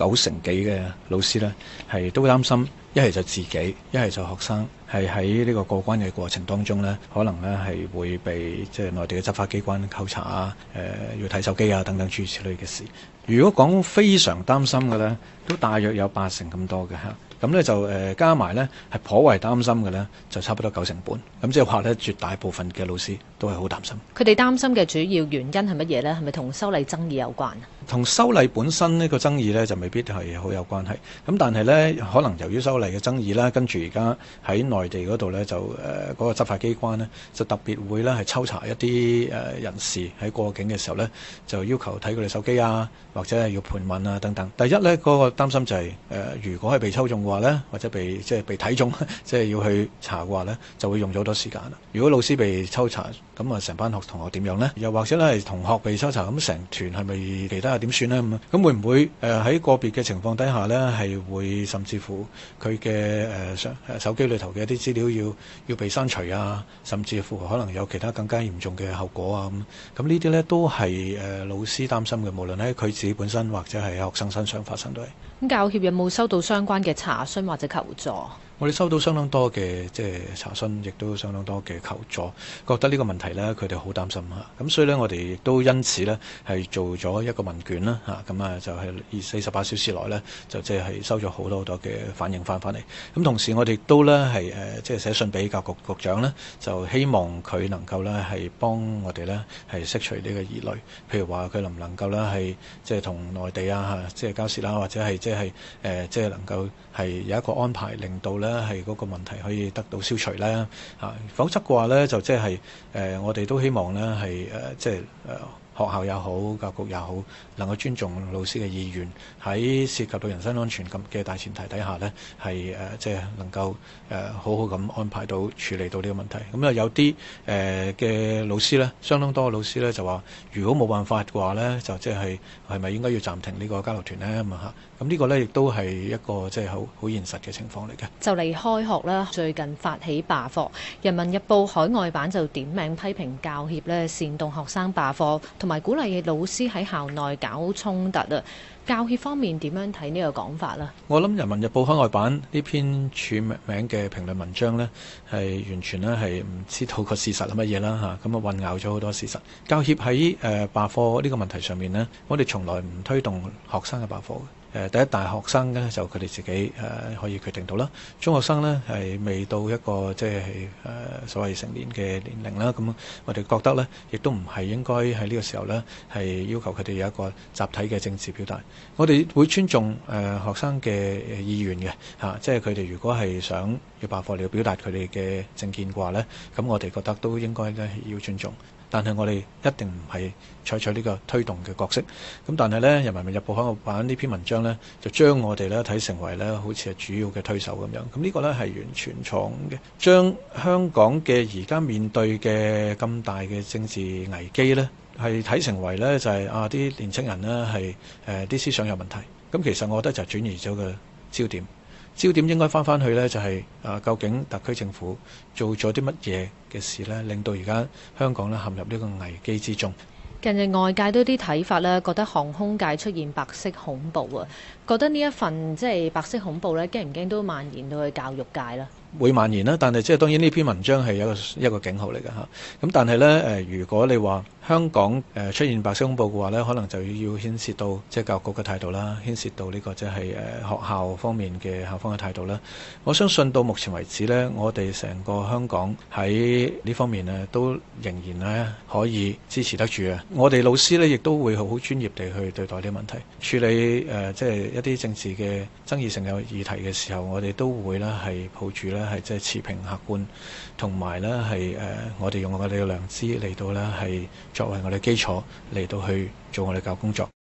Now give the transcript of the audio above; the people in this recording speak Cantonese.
九成幾嘅老師咧，係都會擔心，一係就自己，一係就學生。係喺呢個過關嘅過程當中呢，可能咧係會被即係、就是、內地嘅執法機關扣查啊、誒、呃、要睇手機啊等等諸如此類嘅事。如果講非常擔心嘅呢，都大約有八成咁多嘅嚇。咁、啊、呢就誒、呃、加埋呢，係頗為擔心嘅呢，就差不多九成半。咁即係話呢，絕大部分嘅老師都係好擔心。佢哋擔心嘅主要原因係乜嘢呢？係咪同修例爭議有關啊？同修例本身呢個爭議呢，就未必係好有關係。咁但係呢，可能由於修例嘅爭議啦，跟住而家喺內。內地嗰度咧就誒嗰、呃那個執法機關呢，就特別會咧係抽查一啲誒、呃、人士喺過境嘅時候咧就要求睇佢哋手機啊或者係要盤問啊等等。第一咧嗰、那個擔心就係、是、誒、呃、如果係被抽中嘅話咧或者被即係、就是、被睇中即係 要去查嘅話咧就會用咗好多時間啦。如果老師被抽查，咁啊，成班學同學點樣呢？又或者咧係同學被搜查，咁成團係咪其他又點算呢？咁咁會唔會喺個別嘅情況底下呢，係會甚至乎佢嘅手手機裏頭嘅一啲資料要要被刪除啊，甚至乎可能有其他更加嚴重嘅後果啊？咁咁呢啲呢都係老師擔心嘅，無論係佢自己本身或者係學生身上發生都係。咁教協有冇收到相關嘅查詢或者求助？我哋收到相當多嘅即係查詢亦都相當多嘅求助，覺得呢個問題咧，佢哋好擔心嚇。咁所以咧，我哋亦都因此咧係做咗一個問卷啦，吓，咁啊就係二四十八小時內咧，就即係收咗好多好多嘅反應翻翻嚟。咁同時我哋都咧係誒即係寫信俾教育局局長咧，就希望佢能夠咧係幫我哋咧係釋除呢個疑慮，譬如話佢能唔能夠咧係即係同內地啊吓，即係交涉啦，或者係即係誒即係能夠係有一個安排，令到咧。咧係嗰個問題可以得到消除咧吓，否則嘅話咧就即係誒，我哋都希望咧係誒，即係誒。呃就是呃學校也好，教育局也好，能夠尊重老師嘅意願，喺涉及到人身安全咁嘅大前提底下呢係誒、呃、即係能夠誒、呃、好好咁安排到處理到呢個問題。咁、嗯、啊有啲誒嘅老師呢，相當多嘅老師呢，就話，如果冇辦法嘅話呢就即係係咪應該要暫停呢個交流團呢？咁啊咁呢個呢，亦都係一個即係好好現實嘅情況嚟嘅。就嚟開學啦，最近發起罷課，《人民日報》海外版就點名批評教協呢，煽動學生罷課。同埋鼓勵老師喺校內搞衝突啊！教協方面點樣睇呢個講法呢？我諗《人民日報》海外版呢篇署名嘅評論文章呢，係完全呢係唔知道個事實係乜嘢啦嚇，咁啊混淆咗好多事實。教協喺誒罷課呢個問題上面呢，我哋從來唔推動學生嘅罷課嘅。誒第一，大學生咧就佢哋自己誒、呃、可以決定到啦。中學生咧係未到一個即係誒、呃、所謂成年嘅年齡啦，咁我哋覺得呢，亦都唔係應該喺呢個時候呢，係要求佢哋有一個集體嘅政治表達。我哋會尊重誒、呃、學生嘅意願嘅嚇、啊，即係佢哋如果係想，要爆破、要表達佢哋嘅政見嘅話咧，咁我哋覺得都應該咧要尊重，但係我哋一定唔係採取呢個推動嘅角色。咁但係咧，《人民日報》海外版呢篇文章咧，就將我哋咧睇成為咧好似係主要嘅推手咁樣。咁呢個咧係完全錯嘅，將香港嘅而家面對嘅咁大嘅政治危機咧，係睇成為咧就係啊啲年輕人咧係誒啲思想有問題。咁其實我覺得就轉移咗個焦點。焦點應該翻翻去呢，就是，就係啊，究竟特區政府做咗啲乜嘢嘅事呢？令到而家香港呢陷入呢個危機之中。近日外界都啲睇法呢，覺得航空界出現白色恐怖啊，覺得呢一份即係、就是、白色恐怖呢，驚唔驚都蔓延到去教育界啦？會蔓延啦，但係即係當然呢篇文章係一個一個警號嚟㗎吓。咁但係呢，誒，如果你話，香港誒出現白色恐怖嘅話呢，可能就要牽涉到即係教育局嘅態度啦，牽涉到呢個即係誒學校方面嘅校方嘅態度啦。我相信到目前為止呢，我哋成個香港喺呢方面呢都仍然呢可以支持得住嘅。我哋老師呢亦都會好好專業地去對待啲問題，處理誒即係一啲政治嘅爭議性嘅議題嘅時候，我哋都會呢係抱住呢係即係持平客觀，同埋呢係誒我哋用我哋嘅良知嚟到呢係，作為我哋基礎嚟到去做我哋教育工作。